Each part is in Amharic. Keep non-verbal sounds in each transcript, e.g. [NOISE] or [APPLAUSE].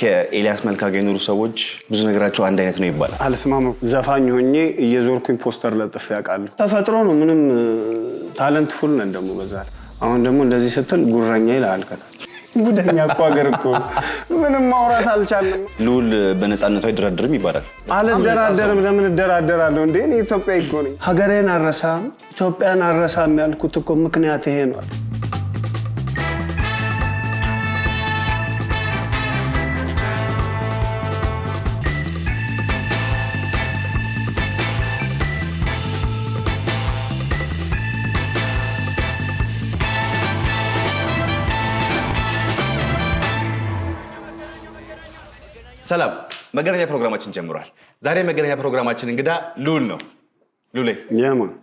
ከኤልያስ መልካ ጋር የኖሩ ሰዎች ብዙ ነገራቸው አንድ አይነት ነው ይባላል። አልስማማ ዘፋኝ ሆኜ እየዞርኩኝ ፖስተር ለጥፍ ያውቃሉ። ተፈጥሮ ነው። ምንም ታለንት ፉል ነን። ደግሞ በዛ አሁን ደግሞ እንደዚህ ስትል ጉረኛ ይልሃል። ከታ ጉደኛ እኮ እኮ ምንም ማውራት አልቻለም። ልውል በነፃነቱ አይደራደርም ይባላል። አልደራደርም። ለምን እደራደራለሁ እንዴ? ኢትዮጵያ ይጎነኝ ሀገሬን አረሳም ኢትዮጵያን አረሳም ያልኩት እኮ ምክንያት ይሄ ነው። ሰላም መገናኛ ፕሮግራማችን ጀምሯል። ዛሬ መገናኛ ፕሮግራማችን እንግዳ ሉል ነው። ሉሌ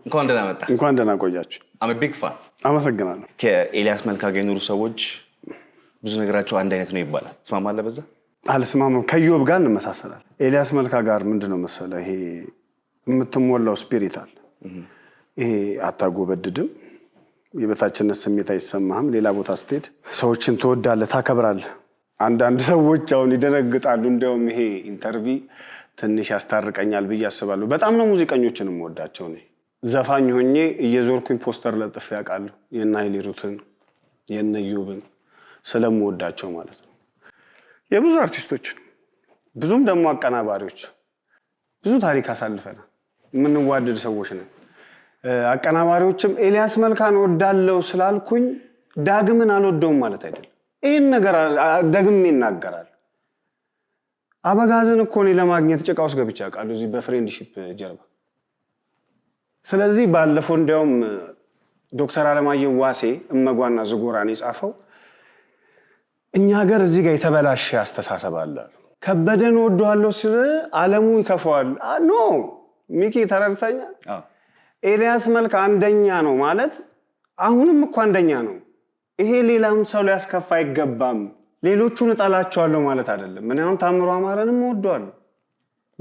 እንኳን ደህና መጣ። እንኳን ደህና ቆያችሁ። ፋን አመሰግናለሁ። ከኤልያስ መልካ ጋር ሰዎች ብዙ ነገራቸው አንድ አይነት ነው ይባላል። ትስማማለህ? በዛ አልስማማም። ከዮብ ጋር እንመሳሰላል። ኤልያስ መልካ ጋር ምንድነው ነው ይሄ የምትሞላው ስፒሪት አለ። ይሄ አታጎበድድም፣ የበታችነት ስሜት አይሰማህም። ሌላ ቦታ ስትሄድ ሰዎችን ትወዳለ ታከብራለህ አንዳንድ ሰዎች አሁን ይደነግጣሉ። እንዲያውም ይሄ ኢንተርቪ ትንሽ ያስታርቀኛል ብዬ አስባለሁ። በጣም ነው ሙዚቀኞችን የምወዳቸው። እኔ ዘፋኝ ሆኜ እየዞርኩኝ ፖስተር ለጥፍ ያውቃሉ የእነ ኃይሌ ሩትን ዩብን ስለምወዳቸው ማለት ነው። የብዙ አርቲስቶች ብዙም ደግሞ አቀናባሪዎች ብዙ ታሪክ አሳልፈናል። የምንዋደድ ሰዎች ነን። አቀናባሪዎችም ኤልያስ መልካን ወዳለው ስላልኩኝ ዳግምን አልወደውም ማለት አይደለም። ይህን ነገር ደግም ይናገራል። አበጋዝን እኮ እኔ ለማግኘት ጭቃ ውስጥ ገብቼ አውቃለሁ፣ እዚህ በፍሬንድሺፕ ጀርባ። ስለዚህ ባለፈው እንዲያውም ዶክተር አለማየሁ ዋሴ እመጓና ዝጎራን የጻፈው እኛ ሀገር እዚህ ጋር የተበላሸ አስተሳሰብ አለ። ከበደን ወደዋለሁ ስለ አለሙ ይከፋዋል። ኖ ሚኪ ተረድተኛ። ኤልያስ መልክ አንደኛ ነው ማለት አሁንም እኮ አንደኛ ነው። ይሄ ሌላም ሰው ሊያስከፋ አይገባም። ሌሎቹን እጠላቸዋለሁ ማለት አይደለም። እኔ አሁን ታምሮ አማረንም እወደዋለሁ፣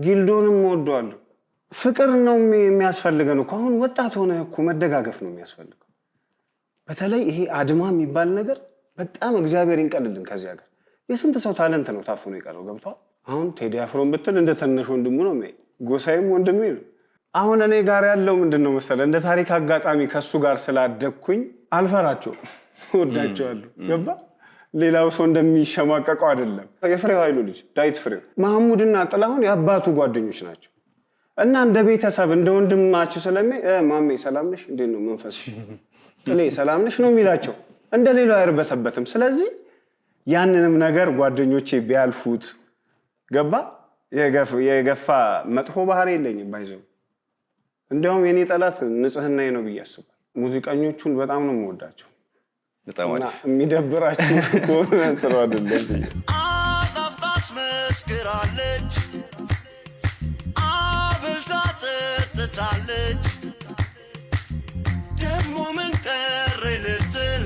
ጊልዶንም እወደዋለሁ። ፍቅር ነው የሚያስፈልገን እኮ አሁን ወጣት ሆነ እኮ መደጋገፍ ነው የሚያስፈልገው። በተለይ ይሄ አድማ የሚባል ነገር በጣም እግዚአብሔር ይንቀልልን ከዚህ ሀገር። የስንት ሰው ታለንት ነው ታፍኖ የቀረው ገብቷል። አሁን ቴዲ አፍሮን ብትል እንደ ተነሽ ወንድሙ ነው፣ ጎሳይም ወንድሜ ነው። አሁን እኔ ጋር ያለው ምንድን ነው መሰለህ እንደ ታሪክ አጋጣሚ ከሱ ጋር ስላደግኩኝ አልፈራቸው እወዳቸዋለሁ። [LAUGHS] ገባ ሌላው ሰው እንደሚሸማቀቀው አይደለም። የፍሬው ኃይሉ ልጅ ዳዊት ፍሬው መሐሙድና ጥላሁን የአባቱ ጓደኞች ናቸው እና እንደ ቤተሰብ እንደ ወንድማቸው ስለሚ ማሜ ሰላም ነሽ፣ እንዴት ነው መንፈስሽ፣ ጥሌ [LAUGHS] ሰላም ነሽ ነው የሚላቸው። እንደ ሌላው አይርበተበትም። ስለዚህ ያንንም ነገር ጓደኞቼ ቢያልፉት ገባ የገፋ መጥፎ ባህሪ የለኝም። ባይዘው እንዲያውም የኔ ጠላት ንጽህናዬ ነው ብዬ አስቡ ሙዚቀኞቹን በጣም ነው የምወዳቸው። የሚደብራችሁ ከሆነ ጥሩ አይደለም። አጣፍጣ አስመስክራለች፣ አብልታ ጠጥታለች። ደግሞ ምን ቀረ ልትል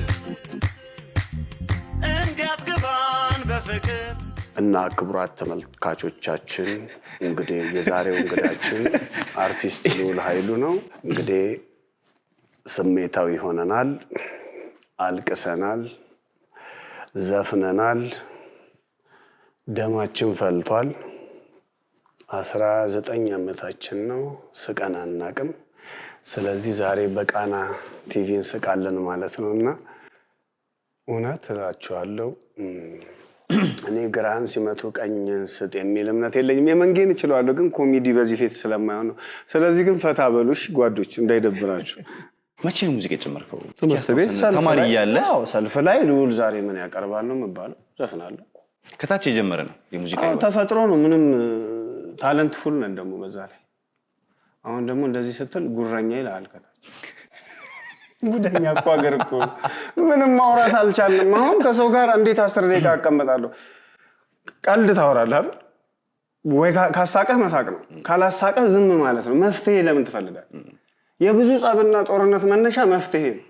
እንዲያትግባን በፍቅር እና ክቡራት ተመልካቾቻችን እንግዲህ የዛሬው እንግዳችን አርቲስት ልዑል ኃይሉ ነው እንግዲህ ስሜታዊ ሆነናል፣ አልቅሰናል፣ ዘፍነናል፣ ደማችን ፈልቷል። አስራ ዘጠኝ ዓመታችን ነው፣ ስቀን አናቅም። ስለዚህ ዛሬ በቃና ቲቪ እንስቃለን ማለት ነው እና እውነት እላችኋለሁ እኔ ግራህን ሲመቱ ቀኝ ስጥ የሚል እምነት የለኝም። የመንጌን እችላለሁ፣ ግን ኮሚዲ በዚህ ፌት ስለማይሆን ነው። ስለዚህ ግን ፈታ በሉሽ ጓዶች እንዳይደብራችሁ። መቼ ነው ሙዚቃ የጀመርከው? ትምህርት ቤት ተማሪ እያለ ሰልፍ ላይ ልውል ዛሬ ምን ያቀርባል ነው የሚባለው። ዘፍናለሁ። ከታች የጀመረ ነው የሙዚቃ ተፈጥሮ ነው። ምንም ታለንት ፉል ነን ደግሞ በዛ ላይ አሁን ደግሞ እንደዚህ ስትል ጉረኛ ይልሃል ከታች ጉደኛ እኮ ሀገር እኮ ምንም ማውራት አልቻልንም። አሁን ከሰው ጋር እንዴት አስር ደቂቃ አቀመጣለሁ? ቀልድ ታወራለህ አይደል ወይ? ካሳቀህ መሳቅ ነው፣ ካላሳቀህ ዝም ማለት ነው። መፍትሄ ለምን ትፈልጋለህ? የብዙ ጸብና ጦርነት መነሻ መፍትሄ ነው።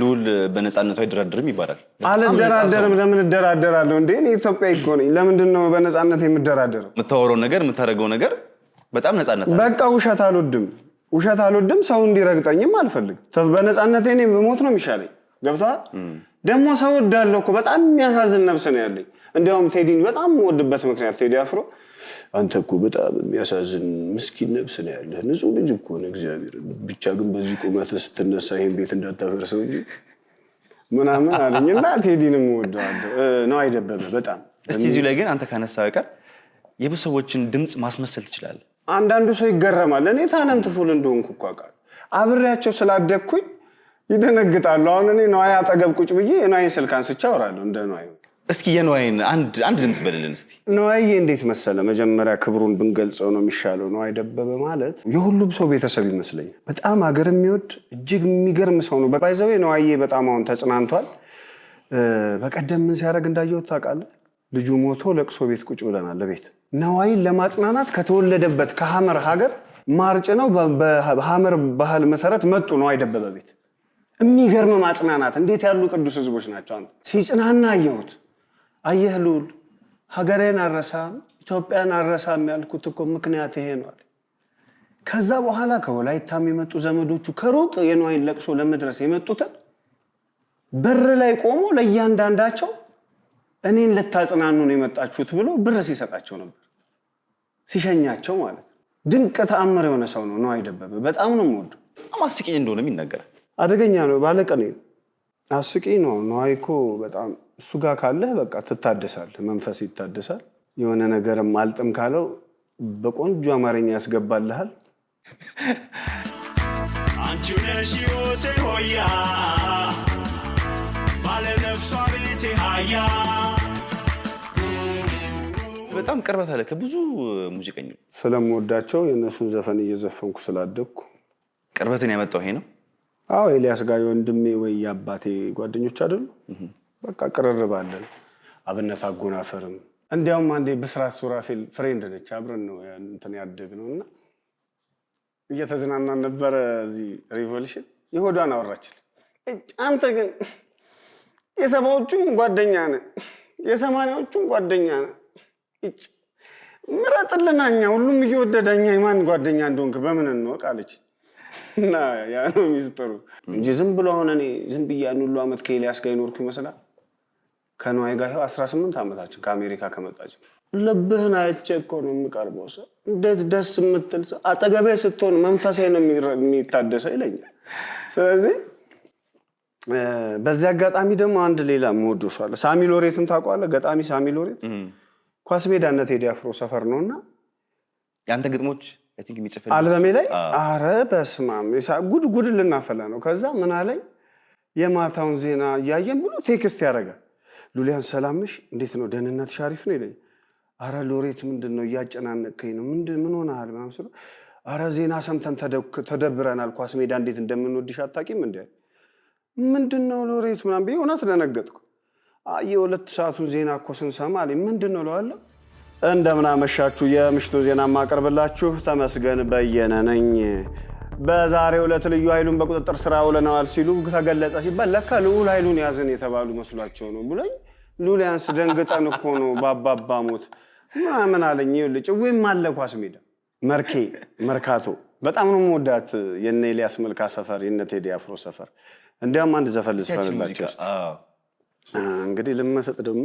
ልዑል በነፃነቱ አይደራደርም ይባላል። አልደራደርም። ለምን እደራደራለሁ እንዴ? እኔ ኢትዮጵያ እኮ ነኝ። ለምንድን ነው በነፃነት የምደራደረው? የምታወራው ነገር የምታደርገው ነገር በጣም ነፃነት በቃ ውሸት አልወድም፣ ውሸት አልወድም። ሰው እንዲረግጠኝም አልፈልግም። በነፃነት ኔ ብሞት ነው የሚሻለኝ። ገብቶሃል? ደግሞ ሰው ወዳለው እኮ በጣም የሚያሳዝን ነብስ ነው ያለኝ። እንዲያውም ቴዲን በጣም ወድበት ምክንያት ቴዲ አፍሮ አንተ እኮ በጣም የሚያሳዝን ምስኪን ነብስ ነው ያለህ። ንጹህ ልጅ እኮ ነው እግዚአብሔር ብቻ ግን በዚህ ቁመት ስትነሳ ይህን ቤት እንዳታፈርሰው እንጂ ምናምን አለኝ እና ቴዲንም ወደዋለሁ ነው አይደበበ በጣም እስቲ እዚሁ ላይ ግን አንተ ካነሳ በቀር የብዙ ሰዎችን ድምፅ ማስመሰል ትችላለህ። አንዳንዱ ሰው ይገረማል። እኔ ታለንት ፉል እንደሆንኩ እኮ አውቃለሁ። አብሬያቸው ስላደግኩኝ ይደነግጣሉ። አሁን እኔ ነዋይ አጠገብ ቁጭ ብዬ የነዋይን ስልክ አንስቼ አወራለሁ እንደ ነዋይ እስኪ የነዋይን አንድ ድምፅ በልልን እስቲ። ነዋይ እንዴት መሰለ፣ መጀመሪያ ክብሩን ብንገልጸው ነው የሚሻለው። ነዋይ ደበበ ማለት የሁሉም ሰው ቤተሰብ ይመስለኛል። በጣም ሀገር የሚወድ እጅግ የሚገርም ሰው ነው። ባይዘዌ ነዋዬ በጣም አሁን ተጽናንቷል። በቀደም ምን ሲያደርግ እንዳየሁት ታውቃለህ? ልጁ ሞቶ ለቅሶ ቤት ቁጭ ብለናል። ለቤት ነዋይን ለማጽናናት ከተወለደበት ከሀመር ሀገር ማርጭ ነው በሀመር ባህል መሰረት መጡ ነዋይ ደበበ ቤት። የሚገርም ማጽናናት! እንዴት ያሉ ቅዱስ ህዝቦች ናቸው! ሲጽናና አየሁት አየህ ልዑል፣ ሀገሬን አረሳም ኢትዮጵያን አረሳም ያልኩት እኮ ምክንያት ይሄ ነው አለ። ከዛ በኋላ ከወላይታም የመጡ ዘመዶቹ ከሩቅ የነዋይን ለቅሶ ለመድረስ የመጡትን በር ላይ ቆሞ ለእያንዳንዳቸው እኔን ልታጽናኑ ነው የመጣችሁት ብሎ ብር ሲሰጣቸው ነበር፣ ሲሸኛቸው ማለት ድንቅ ተአምር የሆነ ሰው ነው ነው አይደበበ በጣም ነው የምወደው። አማስቂኝ እንደሆነ ይነገራል። አደገኛ ነው፣ ባለቅኔ ነው። አስቂ ነው። ነዋይ እኮ በጣም እሱ ጋር ካለህ በቃ ትታደሳለህ፣ መንፈስ ይታደሳል። የሆነ ነገርም አልጥም ካለው በቆንጆ አማርኛ ያስገባልሃል። አንቺ ነሽ ሕይወቴ ሆያ ባለነፍሷ ቤቴ ሀያ በጣም ቅርበት አለ ከብዙ ሙዚቀኞች። ስለምወዳቸው የእነሱን ዘፈን እየዘፈንኩ ስላደግኩ ቅርበትን ያመጣው ይሄ ነው። አዎ ኤልያስ ጋር የወንድሜ ወይ የአባቴ ጓደኞች አይደሉ? በቃ ቅርርባለን። አብነት አጎናፈርም እንዲያውም አንዴ ብስራት ሱራፌል ፍሬንድ ነች፣ አብረን ነው እንትን ነው እና እየተዝናናን ነበረ። እዚህ ሪቮሉሽን የሆዷን አወራችል። አንተ ግን የሰባዎቹም ጓደኛ ነ የሰማንያዎቹም ጓደኛ ነ ምረጥልናኛ ሁሉም እየወደደ እኛ የማን ጓደኛ እንደሆንክ በምን እንወቅ አለች። እና ያ ነው ሚስጥሩ እንጂ ዝም ብሎ አሁን እኔ ዝም ብዬ ያን ሁሉ ዓመት ከኤልያስ ጋር ይኖርኩ ይመስላል። ከነዋይ ጋር ይኸው 18 ዓመታችን ከአሜሪካ ከመጣች ልብህን አይቼ እኮ ነው የምቀርበው። ሰው እንዴት ደስ የምትል ሰው አጠገቤ ስትሆን መንፈሴ ነው የሚታደሰው ይለኛል። ስለዚህ በዚህ አጋጣሚ ደግሞ አንድ ሌላ የምወደው ሰው አለ። ሳሚ ሎሬትን ታውቀዋለህ? ገጣሚ ሳሚ ሎሬት ኳስ ሜዳነት ቴዲ አፍሮ ሰፈር ነው እና የአንተ ግጥሞች አልበሜ ላይ አረ በስማም ጉድ ጉድ ልናፈላ ነው። ከዛ ምን አለኝ የማታውን ዜና እያየን ብሎ ቴክስት ያደርጋል። ሉሊያን ሰላም ነሽ? እንዴት ነው ደህንነትሽ? አሪፍ ነው ይለኝ። አረ ሎሬት ምንድን ነው እያጨናነቅከኝ ነው? ምን ሆነሃል? ምናምን ስለው አረ ዜና ሰምተን ተደብረናል። ኳስ ሜዳ እንዴት እንደምንወድሽ አታውቂም እንዲ ምንድን ነው ሎሬት ምናምን ብዬ እውነት ደነገጥኩ። የሁለት ሰዓቱን ዜና እኮ ስንሰማ አለኝ። ምንድን ነው እለዋለሁ እንደምናመሻችሁ የምሽቱ ዜና ማቀርብላችሁ ተመስገን በየነ ነኝ። በዛሬው ዕለት ልዩ ኃይሉን በቁጥጥር ስራ ውለነዋል ሲሉ ተገለጸ ሲባል ለካ ልዑል ኃይሉን ያዝን የተባሉ መስሏቸው ነው ብሎኝ ሉሊያንስ ደንግጠን እኮ ነው ባባባ ሞት ምናምን አለኝ። ይኸውልህ ጭዌም አለ ኳስ ሜዳ መርኬ መርካቶ በጣም ነው መወዳት የነ ኤልያስ መልካ ሰፈር የነ ቴዲ አፍሮ ሰፈር። እንዲያውም አንድ ዘፈን ልዝፈንላቸው እንግዲህ ልመሰጥ ደግሞ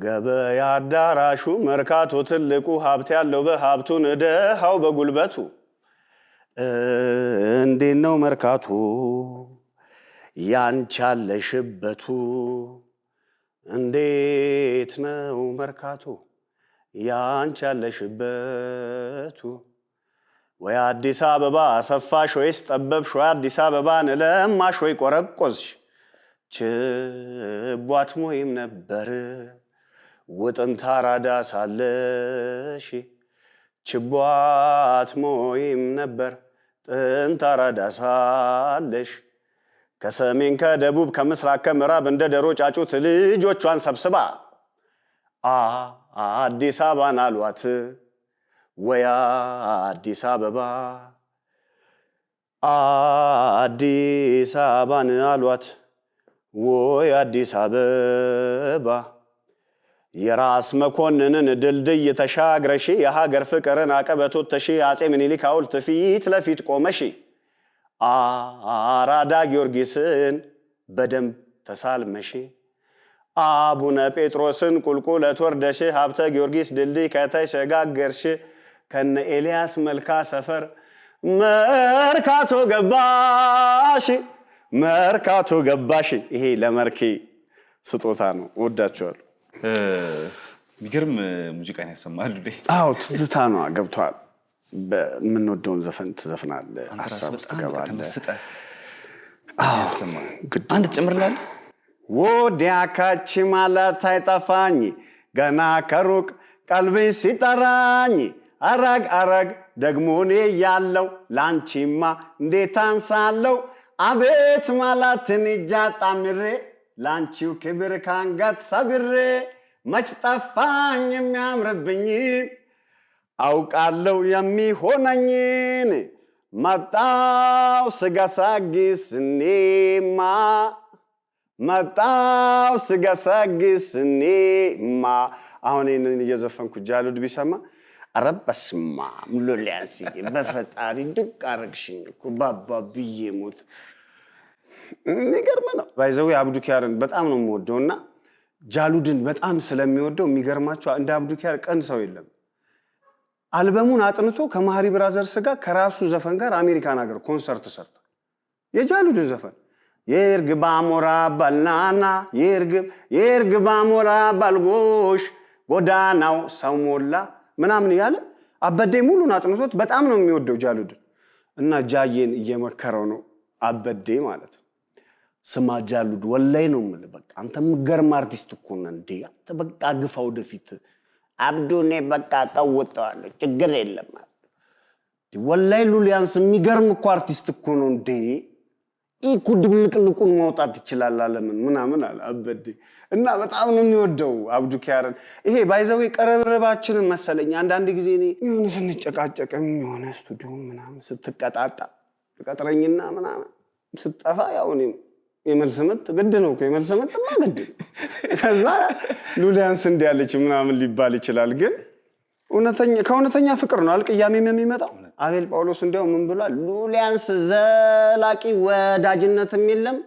ገበያ አዳራሹ መርካቶ ትልቁ ሀብት ያለው በሀብቱን እደሃው በጉልበቱ እንዴት ነው መርካቶ ያንቻለሽበቱ እንዴት ነው መርካቶ ያንቻለሽበቱ ወይ አዲስ አበባ አሰፋሽ ወይስ ጠበብሽ ወይ አዲስ አበባን ለማሽ ወይ ቆረቆዝሽ ችቧት ሞይም ነበር ውጥንታ ራዳ ሳለሽ ችቧት ሞይም ነበር ጥንታ ራዳ ሳለሽ ከሰሜን ከደቡብ ከምስራቅ ከምዕራብ እንደ ደሮ ጫጩት ልጆቿን ሰብስባ አዲስ አበባን አሏት ወያ አዲስ አበባ አዲስ አበባን አሏት ወይ አዲስ አበባ የራስ መኮንንን ድልድይ ተሻግረሺ የሀገር ፍቅርን አቀበቶት ተሺ አጼ ምኒልክ ሐውልት ፊት ለፊት ቆመሺ አራዳ ጊዮርጊስን በደንብ ተሳልመሺ አቡነ ጴጥሮስን ቁልቁለት ወርደሽ ሀብተ ጊዮርጊስ ድልድይ ከተሸጋገርሽ ከነ ኤልያስ መልካ ሰፈር መርካቶ ገባሽ መርካቶ ገባሽ። ይሄ ለመርኬ ስጦታ ነው። እወዳቸዋለሁ። የሚገርም ሙዚቃ ነው ያሰማል። አዎ ትዝታ ነው ገብቷል። የምንወደውን ዘፈን ትዘፍናል፣ ሀሳብ ትገባለህ። አንድ ወዲያ ካች ማለት አይጠፋኝ ገና ከሩቅ ቀልቤ ሲጠራኝ አረግ አረግ ደግሞ እኔ ያለው ላንቺማ እንዴት አንሳለው አቤት ማለት እጃ ጣምሬ ላንቺው ክብር ካንጋት ሰብሬ መች ጠፋኝ የሚያምርብኝ አውቃለው የሚሆነኝን መጣው ስገሰግስኔማ መጣው ስገሰግስኔማ አሁን ይህንን እየዘፈንኩ ጃሉድ ቢሰማ ኧረ በስመ አብ ሎሊያንስዬ በፈጣሪ ድቅ አረግሽኝ እኮ ባባ ብዬ ሞት የሚገርም ነው። ባይዘዊ አብዱኪያርን በጣም ነው የምወደው እና ጃሉድን በጣም ስለሚወደው የሚገርማቸው እንደ አብዱኪያር ቀን ሰው የለም። አልበሙን አጥንቶ ከማህሪ ብራዘርስ ጋር ከራሱ ዘፈን ጋር አሜሪካን ሀገር ኮንሰርት ሰርቷል። የጃሉድን ዘፈን የእርግብ ባሞራ ባልናና የእርግብ ባሞራ ባልጎሽ ጎዳናው ሰው ሞላ ምናምን ያለ አበዴ ሙሉን አጥንቶት በጣም ነው የሚወደው ጃሉድን እና ጃዬን እየመከረው ነው አበዴ ማለት ስማ ጃሉድ ወላይ ነው የምልህ። በቃ አንተ የምትገርም አርቲስት እኮ ነህ እንዴ! አንተ በቃ ግፋ ወደፊት አብዱ። እኔ በቃ ጠውጠዋለሁ ችግር የለም ወላይ ሉሊያንስ፣ የሚገርም እኮ አርቲስት እኮ ነው እንዴ! ኢኩ ድምቅልቁን መውጣት ይችላል አለምን ምናምን አለ አበዴ እና በጣም ነው የሚወደው አብዱ ኪያርን። ይሄ ባይዘዌ ቀረረባችንን መሰለኝ አንዳንድ ጊዜ እኔ የሆነ ስንጨቃጨቅም የሆነ ስቱዲዮ ምናምን ስትቀጣጣ ቀጥረኝና ምናምን ስጠፋ ያው እኔም የመልስ ምት ግድ ነው እኮ የመልስ ምትማ ግድ ከዛ ሉሊያንስ እንዲያለች ምናምን ሊባል ይችላል። ግን ከእውነተኛ ፍቅር ነው አልቅያሜም የሚመጣው። አቤል ጳውሎስ እንዲያው ምን ብሏል? ሉሊያንስ ዘላቂ ወዳጅነትም የለም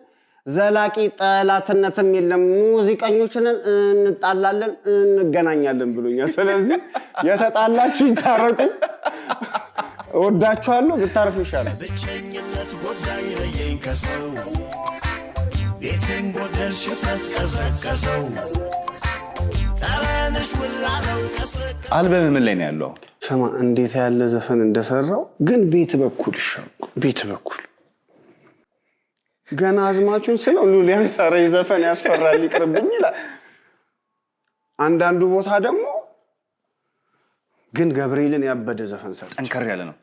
ዘላቂ ጠላትነትም የለም። ሙዚቀኞችን እንጣላለን፣ እንገናኛለን ብሎኛል። ስለዚህ የተጣላችሁ ይታረቁ። እወዳችኋለሁ፣ ብታረፉ ይሻላል። ብቸኝነት ጎዳኝ፣ ለየኝ ከሰው ቤትን ጎደልሽው ቀዝቀዘቀዘው ጠረንሽ ውላለው ቀሰቀሰው። አልበምህ ምን ላይ ነው ያለው? ስማ እንዴት ያለ ዘፈን እንደሰራው ግን ቤት በኩል ይሻልኩ ቤት በኩል ገና አዝማቹን ስለው ሉሊያን ሰረይ ዘፈን ያስፈራል ይቅርብኝ ይላል። አንዳንዱ ቦታ ደግሞ ግን ገብርኤልን ያበደ ዘፈን ሰርቶ ጠንከር ያለ ነው።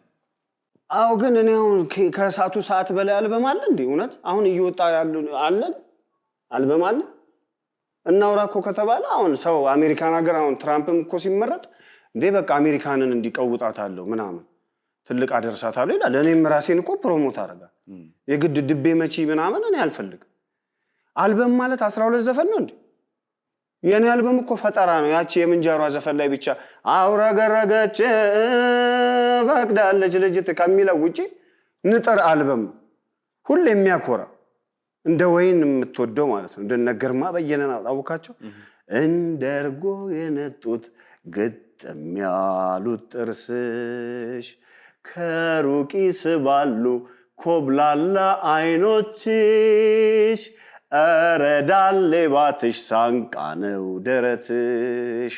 አዎ ግን እኔ አሁን ከእሳቱ ሰዓት በላይ አልበማል አለ እንዴ? እውነት አሁን እየወጣ ያሉ አለ አልበማል አለ። እናውራ እኮ ከተባለ አሁን ሰው አሜሪካን ሀገር አሁን ትራምፕም እኮ ሲመረጥ እንዴ በቃ አሜሪካንን እንዲቀውጣታለሁ ምናምን ትልቅ አደርሳት አደርሳታለሁ ይላል። እኔም ራሴን እኮ ፕሮሞት አረጋ የግድ ድቤ መቺ ምናምን እኔ አልፈልግም። አልበም ማለት አስራ ሁለት ዘፈን ነው እንዴ? የኔ አልበም እኮ ፈጠራ ነው። ያቺ የምንጀሯ ዘፈን ላይ ብቻ አውረገረገች ፈቅዳለች ልጅት ከሚለው ውጪ ንጥር አልበም ሁሌ የሚያኮራ እንደ ወይን የምትወደው ማለት ነው። እንደነ ግርማ በየነን አውቃቸው እንደ እርጎ የነጡት ግጥም ያሉት ጥርስሽ ከሩቂ ስባሉ ኮብላላ አይኖችሽ ረዳሌ ባትሽ ሳንቃ ነው ደረትሽ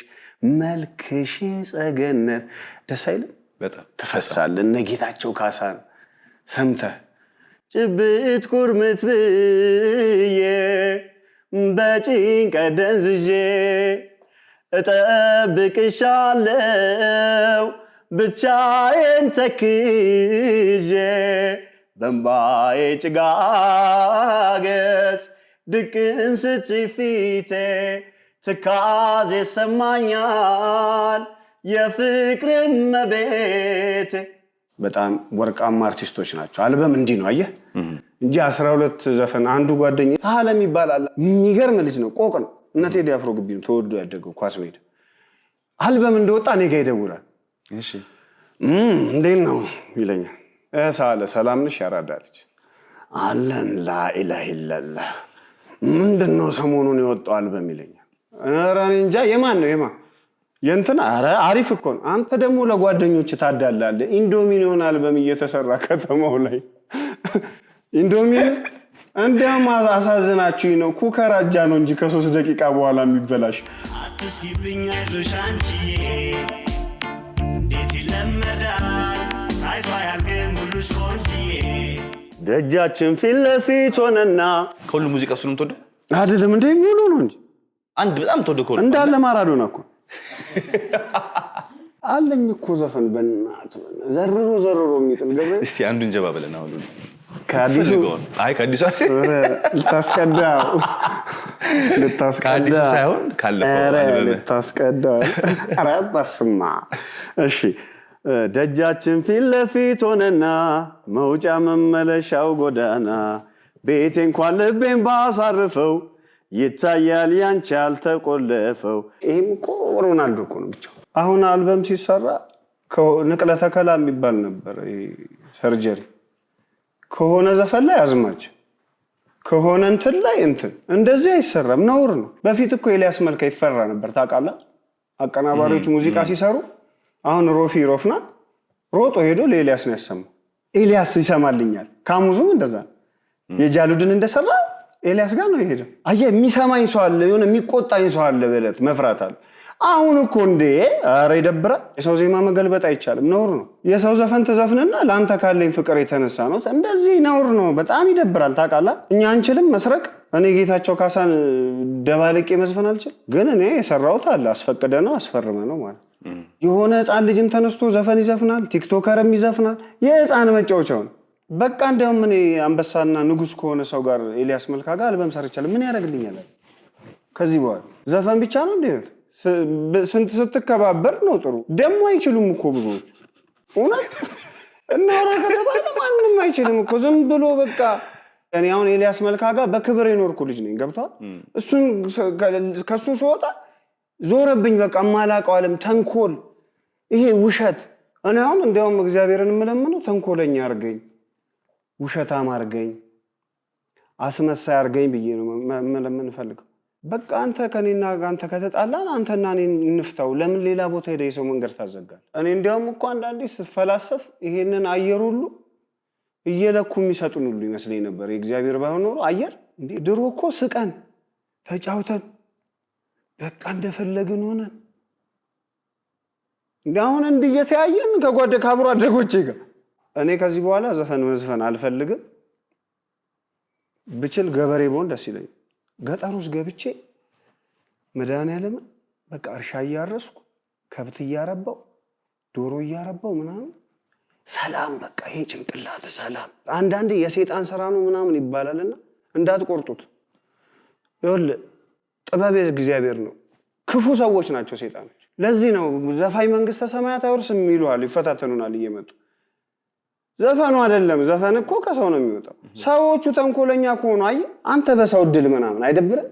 መልክሽ ጸገነት ደስ አይልም በጣም ትፈሳል። እነ ጌታቸው ካሳን ሰምተህ ጭብት ኩርምት ብዬ በጭንቀ ደንዝዤ እጠብቅሻለው ብቻዬን ተክዤ በንባዬ ጭጋገጽ ድቅን ስጪ ትካዝ ትካዜ ይሰማኛል የፍቅርም መቤት በጣም ወርቃማ አርቲስቶች ናቸው። አልበም እንዲህ ነው አየህ እንጂ አስራ ሁለት ዘፈን አንዱ ጓደኛ ሳለም ይባላል የሚገርም ልጅ ነው። ቆቅ ነው እነ ቴዲ አፍሮ ግቢ ነው ተወዶ ያደገው ኳስ ሜዳ። አልበም እንደወጣ እኔ ጋ ይደውላል። እንዴት ነው ይለኛል። ሳለ ሰላም ነሽ? ያራዳ ልጅ አለን ላኢላህ ኢለላህ ምንድን ነው ሰሞኑን የወጣው አልበም ይለኛል። ኧረ እኔ እንጃ የማን ነው የማን የእንትን አረ አሪፍ እኮ ነው። አንተ ደግሞ ለጓደኞች ታዳላለህ። ኢንዶሚኒዮን አልበም እየተሰራ ከተማው ላይ ኢንዶሚኒ እንዲያም አሳዝናችሁኝ ነው ኩከር አጃ ነው እንጂ ከሶስት ደቂቃ በኋላ የሚበላሽ አትስጊብኝ፣ አይዞሽ አንቺዬ እንዴት ይለመዳል ታይቷ ያልገን ሁሉ ቆንጅዬ ደጃችን ፊት ለፊት ሆነና ከሁሉ ሙዚቃ እሱ ነው የምትወደው? አይደለም እንደ ሙሉ ነው እንጂ አንድ በጣም ተወደ ከሆነ እንዳለ ማራዶና እኮ አለኝ እኮ ዘፈን በእናቱ ዘርሮ ዘርሮ የሚጥል ገበ እስቲ አንዱን ጀባ ብለን አሁን ከአዲሱ ከአዲሱ ልታስቀዳው ልታስቀዳ ሳይሆን ካለፈው ልታስቀዳ ኧረ እሺ ደጃችን ፊት ለፊት ሆነና መውጫ መመለሻው ጎዳና ቤቴ እንኳን ልቤን ባሳርፈው ይታያል ያንቺ አልተቆለፈው ይህም እኮ ሮናልዶ እኮ ነው ብቻው። አሁን አልበም ሲሰራ ንቅለ ተከላ የሚባል ነበር፣ ሰርጀሪ ከሆነ ዘፈን ላይ አዝማች ከሆነ እንትን ላይ እንትን እንደዚህ አይሰራም፣ ነውር ነው። በፊት እኮ ኤልያስ መልካ ይፈራ ነበር ታውቃለህ። አቀናባሪዎች ሙዚቃ ሲሰሩ አሁን ሮፊ ሮፍና ሮጦ ሄዶ ለኤልያስ ነው ያሰማው። ኤልያስ ይሰማልኛል። ካሙዙም እንደዛ የጃሉድን እንደሰራ ኤልያስ ጋር ነው የሄደው። አየ የሚሰማኝ ሰው አለ፣ የሆነ የሚቆጣኝ ሰው አለ በለት መፍራት አለ። አሁን እኮ እንዴ! አረ ይደብራል። የሰው ዜማ መገልበጥ አይቻልም፣ ነውር ነው። የሰው ዘፈን ትዘፍንና ለአንተ ካለኝ ፍቅር የተነሳ ነው እንደዚህ፣ ነውር ነው። በጣም ይደብራል። ታውቃለህ፣ እኛ አንችልም መስረቅ። እኔ ጌታቸው ካሳን ደባልቄ መዝፈን አልችል፣ ግን እኔ የሰራሁት አለ፣ አስፈቅደ ነው አስፈርመ ነው ማለት የሆነ ህፃን ልጅም ተነስቶ ዘፈን ይዘፍናል፣ ቲክቶከርም ይዘፍናል። የህፃን መጫወቻው ነው በቃ። እንዲያውም እኔ አንበሳና ንጉስ ከሆነ ሰው ጋር ኤልያስ መልካ ጋር አልበም ሰርቻለሁ። ምን ያደርግልኛል? ከዚህ በኋላ ዘፈን ብቻ ነው እንደ ስትከባበር ነው ጥሩ። ደግሞ አይችሉም እኮ ብዙዎች እውነት እናውራ ከተባለ ማንም አይችልም እኮ ዝም ብሎ በቃ እኔ አሁን ኤልያስ መልካ ጋር በክብር የኖርኩ ልጅ ነኝ። ገብቷል። እሱን ከሱ ስወጣ ዞረብኝ። በቃ የማላውቀው ዓለም ተንኮል፣ ይሄ ውሸት። እኔ አሁን እንዲያውም እግዚአብሔርን የምለምነው ተንኮለኛ አርገኝ፣ ውሸታም አርገኝ፣ አስመሳይ አርገኝ ብዬ ነው መለመን በቃ አንተ ከኔና አንተ ከተጣላን አንተና እኔ እንፍታው። ለምን ሌላ ቦታ ሄደ የሰው መንገድ ታዘጋል? እኔ እንዲያውም እኮ አንዳንዴ ስፈላሰፍ ይሄንን አየር ሁሉ እየለኩ የሚሰጡን ሁሉ ይመስለኝ ነበር። የእግዚአብሔር ባይሆን ኖሮ አየር ድሮ እኮ ስቀን ተጫውተን በቃ እንደፈለግን ሆነን እንደ አሁን እንድየተያየን ከጓደ ካብሮ አደጎቼ ጋር እኔ ከዚህ በኋላ ዘፈን መዝፈን አልፈልግም። ብችል ገበሬ በሆን ደስ ይለኝ ገጠር ውስጥ ገብቼ መድኃኒዓለም በቃ እርሻ እያረስኩ ከብት እያረባው ዶሮ እያረባው ምናምን ሰላም በቃ ይሄ ጭንቅላት ሰላም። አንዳንዴ የሴጣን ስራ ነው ምናምን ይባላልና እንዳትቆርጡት ይኸውልህ ጥበብ እግዚአብሔር ነው። ክፉ ሰዎች ናቸው ሴጣኖች። ለዚህ ነው ዘፋኝ መንግስተ ሰማያት አውርስም ይሉሃል፣ ይፈታተኑናል እየመጡ ዘፈኑ አይደለም። ዘፈን እኮ ከሰው ነው የሚወጣው። ሰዎቹ ተንኮለኛ ከሆኑ አየህ አንተ በሰው እድል ምናምን አይደብርም።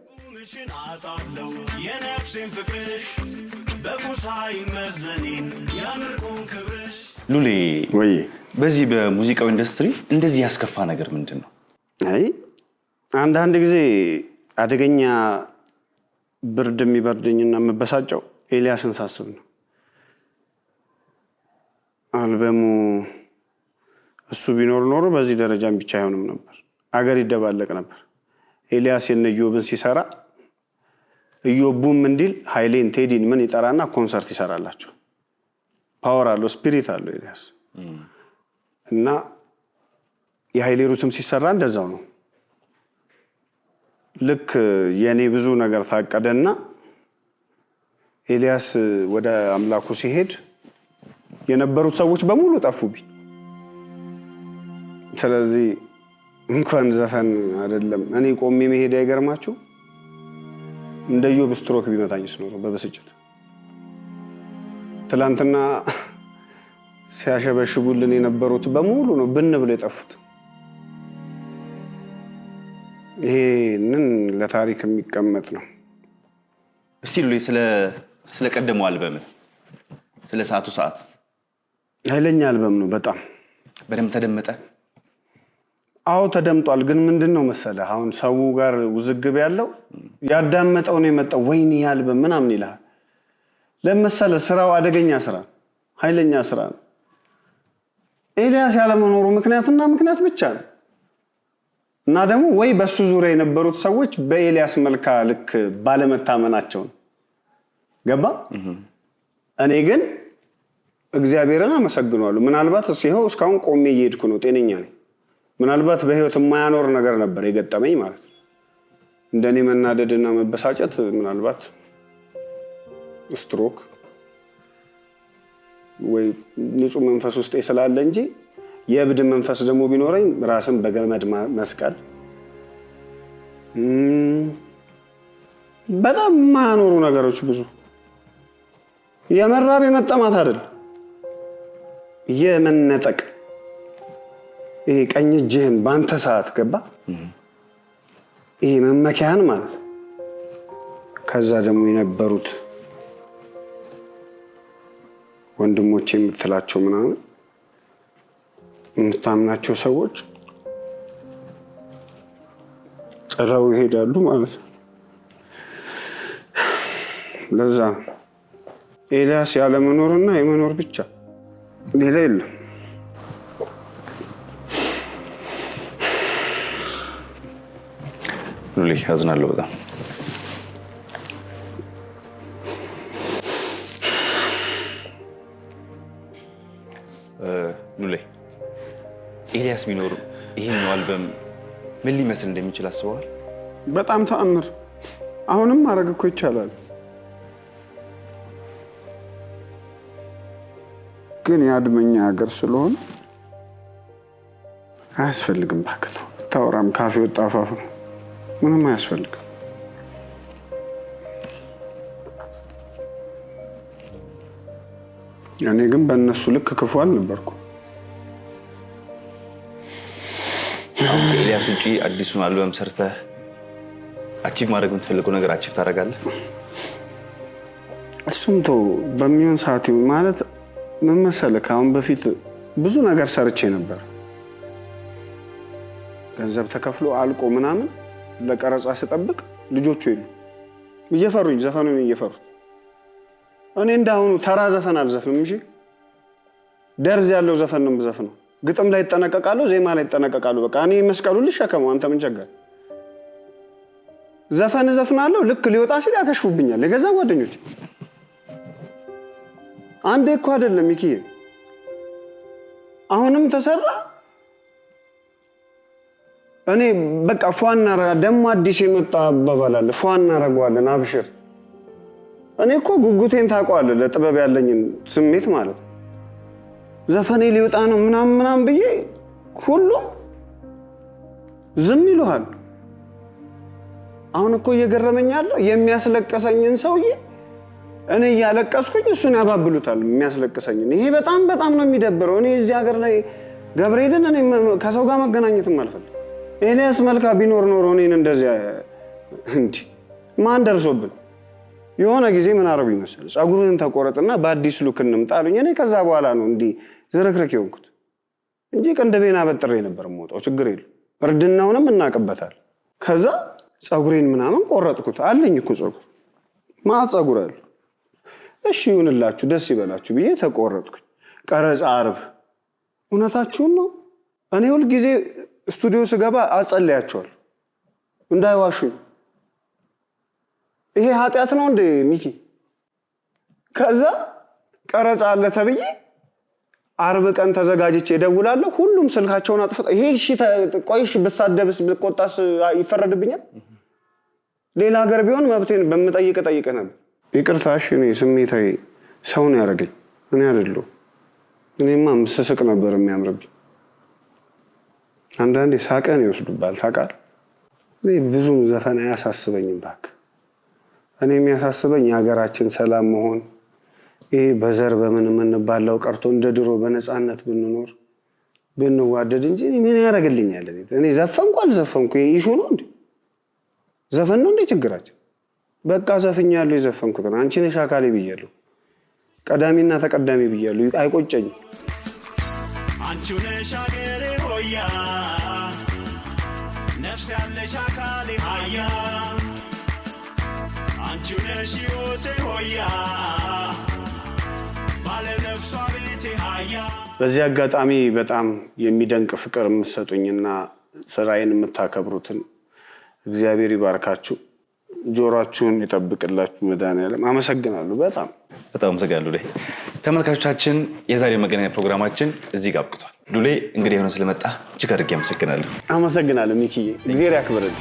ሉሌ ወይ በዚህ በሙዚቃው ኢንዱስትሪ እንደዚህ ያስከፋ ነገር ምንድን ነው? አይ አንዳንድ ጊዜ አደገኛ ብርድ የሚበርድኝና የምበሳጨው ኤልያስን ሳስብ ነው። አልበሙ እሱ ቢኖር ኖሮ በዚህ ደረጃም ብቻ አይሆንም ነበር፣ አገር ይደባለቅ ነበር። ኤልያስ የነ ኢዮብን ሲሰራ ኢዮቡም እንዲል ሀይሌን ቴዲን ምን ይጠራና ኮንሰርት ይሰራላቸው። ፓወር አለው፣ ስፒሪት አለው ኤልያስ እና የሀይሌ ሩትም ሲሰራ እንደዛው ነው። ልክ የእኔ ብዙ ነገር ታቀደና ኤልያስ ወደ አምላኩ ሲሄድ የነበሩት ሰዎች በሙሉ ጠፉብኝ። ስለዚህ እንኳን ዘፈን አይደለም እኔ ቆሜ መሄድ አይገርማችሁ እንደ ብስትሮክ ስትሮክ ቢመታኝስ ኖሮ በብስጭት ትላንትና ሲያሸበሽቡልን የነበሩት በሙሉ ነው ብን ብሎ የጠፉት። ይሄንን ለታሪክ የሚቀመጥ ነው። እስቲ ሉ ስለ ቀደመው አልበም ስለ ሰዓቱ ሰዓት ኃይለኛ አልበም ነው። በጣም በደንብ ተደመጠ። አዎ ተደምጧል። ግን ምንድን ነው መሰለ አሁን ሰው ጋር ውዝግብ ያለው ያዳመጠው ነው የመጣው ወይን አልበም ምናምን ይልሃል። ለመሰለ ስራው አደገኛ ስራ፣ ኃይለኛ ስራ ነው። ኤልያስ ያለመኖሩ ምክንያቱና ምክንያት ብቻ ነው። እና ደግሞ ወይ በእሱ ዙሪያ የነበሩት ሰዎች በኤልያስ መልካ ልክ ባለመታመናቸው ነው። ገባ። እኔ ግን እግዚአብሔርን አመሰግነዋለሁ። ምናልባት እሱ ይኸው እስካሁን ቆሜ እየሄድኩ ነው፣ ጤነኛ ነኝ። ምናልባት በህይወት የማያኖር ነገር ነበር የገጠመኝ ማለት ነው። እንደኔ መናደድና መበሳጨት ምናልባት ስትሮክ ወይ ንጹህ መንፈስ ውስጤ ስላለ እንጂ የእብድ መንፈስ ደግሞ ቢኖረኝ ራስን በገመድ መስቀል በጣም የማያኖሩ ነገሮች ብዙ የመራብ የመጠማት አይደል የመነጠቅ ይሄ ቀኝ እጅህን በአንተ ሰዓት ገባ ይሄ መመኪያን ማለት ከዛ ደግሞ የነበሩት ወንድሞቼ የምትላቸው ምናምን የምታምናቸው ሰዎች ጥለው ይሄዳሉ ማለት ነው። ለዛ ኤልያስ ያለመኖርና የመኖር ብቻ ሌላ የለም። ሉሊ አዝናለሁ በጣም ሉሌ ኤልያስ ቢኖር ይህን አልበም ምን ሊመስል እንደሚችል አስበዋል? በጣም ተአምር። አሁንም ማድረግ እኮ ይቻላል። ግን የአድመኛ ሀገር ስለሆነ አያስፈልግም። ባክቶ ታወራም ካፌ ወጣ አፋፍ ነው። ምንም አያስፈልግም። እኔ ግን በእነሱ ልክ ክፉ አልነበርኩም። ውጪ አዲሱን አልበም ሰርተህ አቺቭ ማድረግ የምትፈልገው ነገር አቺቭ ታደርጋለህ? እሱም ቶ በሚሆን ሰዓት ማለት ምን መሰለህ፣ ከአሁን በፊት ብዙ ነገር ሰርቼ ነበር። ገንዘብ ተከፍሎ አልቆ ምናምን ለቀረጻ ስጠብቅ ልጆቹ የሉ እየፈሩኝ፣ ዘፈኑ እየፈሩ እኔ እንዳሁኑ ተራ ዘፈን አልዘፍንም። እሺ ደርዝ ያለው ዘፈን ነው የምዘፍነው። ግጥም ላይ ይጠነቀቃሉ፣ ዜማ ላይ ይጠነቀቃሉ። በቃ እኔ መስቀሉን ልሸከመው፣ አንተ ምን ቸገር። ዘፈን ዘፍናለሁ፣ ልክ ሊወጣ ሲል ያከሽፉብኛል የገዛ ጓደኞች። አንዴ እኮ አይደለም ይክ አሁንም ተሰራ። እኔ በቃ ፏና ደሞ አዲስ የመጣ አባባላለ ፏና ረጓለን አብሽር። እኔ እኮ ጉጉቴን ታውቀዋለህ፣ ለጥበብ ያለኝን ስሜት ማለት ነው ዘፈኔ ሊወጣ ነው ምናምን ምናምን ብዬ ሁሉም ዝም ይሉሃል። አሁን እኮ እየገረመኝ ያለው የሚያስለቀሰኝን ሰውዬ እኔ እያለቀስኩኝ እሱን ያባብሉታል። የሚያስለቅሰኝን ይሄ በጣም በጣም ነው የሚደብረው። እኔ እዚህ ሀገር ላይ ገብርኤልን እኔ ከሰው ጋር መገናኘትም አልፈልግም። ኤልያስ መልካ ቢኖር ኖሮ እኔን እንደዚያ እንዲ ማን ደርሶብን የሆነ ጊዜ ምን አረጉኝ መሰለህ? ፀጉርህን ተቆረጥና በአዲስ ሉክ እንምጣ አሉኝ። እኔ ከዛ በኋላ ነው እንዲህ ዝረክረክ የሆንኩት እንጂ ቀንደቤን አበጥሬ ነበር የምወጣው። ችግር የሉ እርድናውንም እናቅበታል። ከዛ ፀጉሬን ምናምን ቆረጥኩት አለኝ እኮ ፀጉር ማ ፀጉር አለ። እሺ ይሁንላችሁ ደስ ይበላችሁ ብዬ ተቆረጥኩኝ። ቀረጻ አርብ እውነታችሁን ነው። እኔ ሁልጊዜ ስቱዲዮ ስገባ አጸለያቸዋል እንዳይዋሹኝ። ይሄ ኃጢአት ነው እንደ ሚኪ። ከዛ ቀረጻ አለ ተብዬ አርብ ቀን ተዘጋጅቼ እደውላለሁ። ሁሉም ስልካቸውን አጥፍተው ይሄ እሺ፣ ቆይሽ ብሳደብስ ብቆጣስ ይፈረድብኛል? ሌላ ሀገር ቢሆን መብቴን በምጠይቅ ጠይቅ ነበር። ይቅርታ እሺ፣ እኔ ስሜታዊ ሰውን ያደረገኝ እኔ አይደለሁ። እኔማ ምስስቅ ነበር የሚያምርብኝ። አንዳንዴ ሳቀን ይወስዱባል ታውቃለህ። እኔ ብዙም ዘፈን አያሳስበኝም እባክህ። እኔ የሚያሳስበኝ የሀገራችን ሰላም መሆን ይህ በዘር በምን የምንባለው ቀርቶ እንደ ድሮ በነፃነት ብንኖር ብንዋደድ እንጂ ምን ያደርግልኛል? እኔ ዘፈንኩ አልዘፈንኩ ይሹ ነው እንዴ? ዘፈን ነው እንዴ ችግራችን? በቃ ዘፍኛለሁ የዘፈንኩትን። አንቺ ነሽ አካሌ ብያለሁ፣ ቀዳሚና ተቀዳሚ ብያለሁ። አይቆጨኝ አንቺ ነሽ አገሬ ሆያ ነፍስ ያለሽ አካሌ ሆያ አንቺ ነሽ ሕይወቴ ሆያ በዚህ አጋጣሚ በጣም የሚደንቅ ፍቅር የምትሰጡኝና ስራዬን የምታከብሩትን እግዚአብሔር ይባርካችሁ፣ ጆሯችሁን ይጠብቅላችሁ መድኃኒዓለም። አመሰግናለሁ። በጣም በጣም አመሰግናለሁ ዱሌ። ተመልካቾቻችን የዛሬው መገናኛ ፕሮግራማችን እዚህ ጋር አብቅቷል። ዱሌ እንግዲህ የሆነ ስለመጣ እጅግ አድርጌ አመሰግናለሁ። አመሰግናለሁ ሚኪዬ፣ እግዚአብሔር ያክብርልኝ።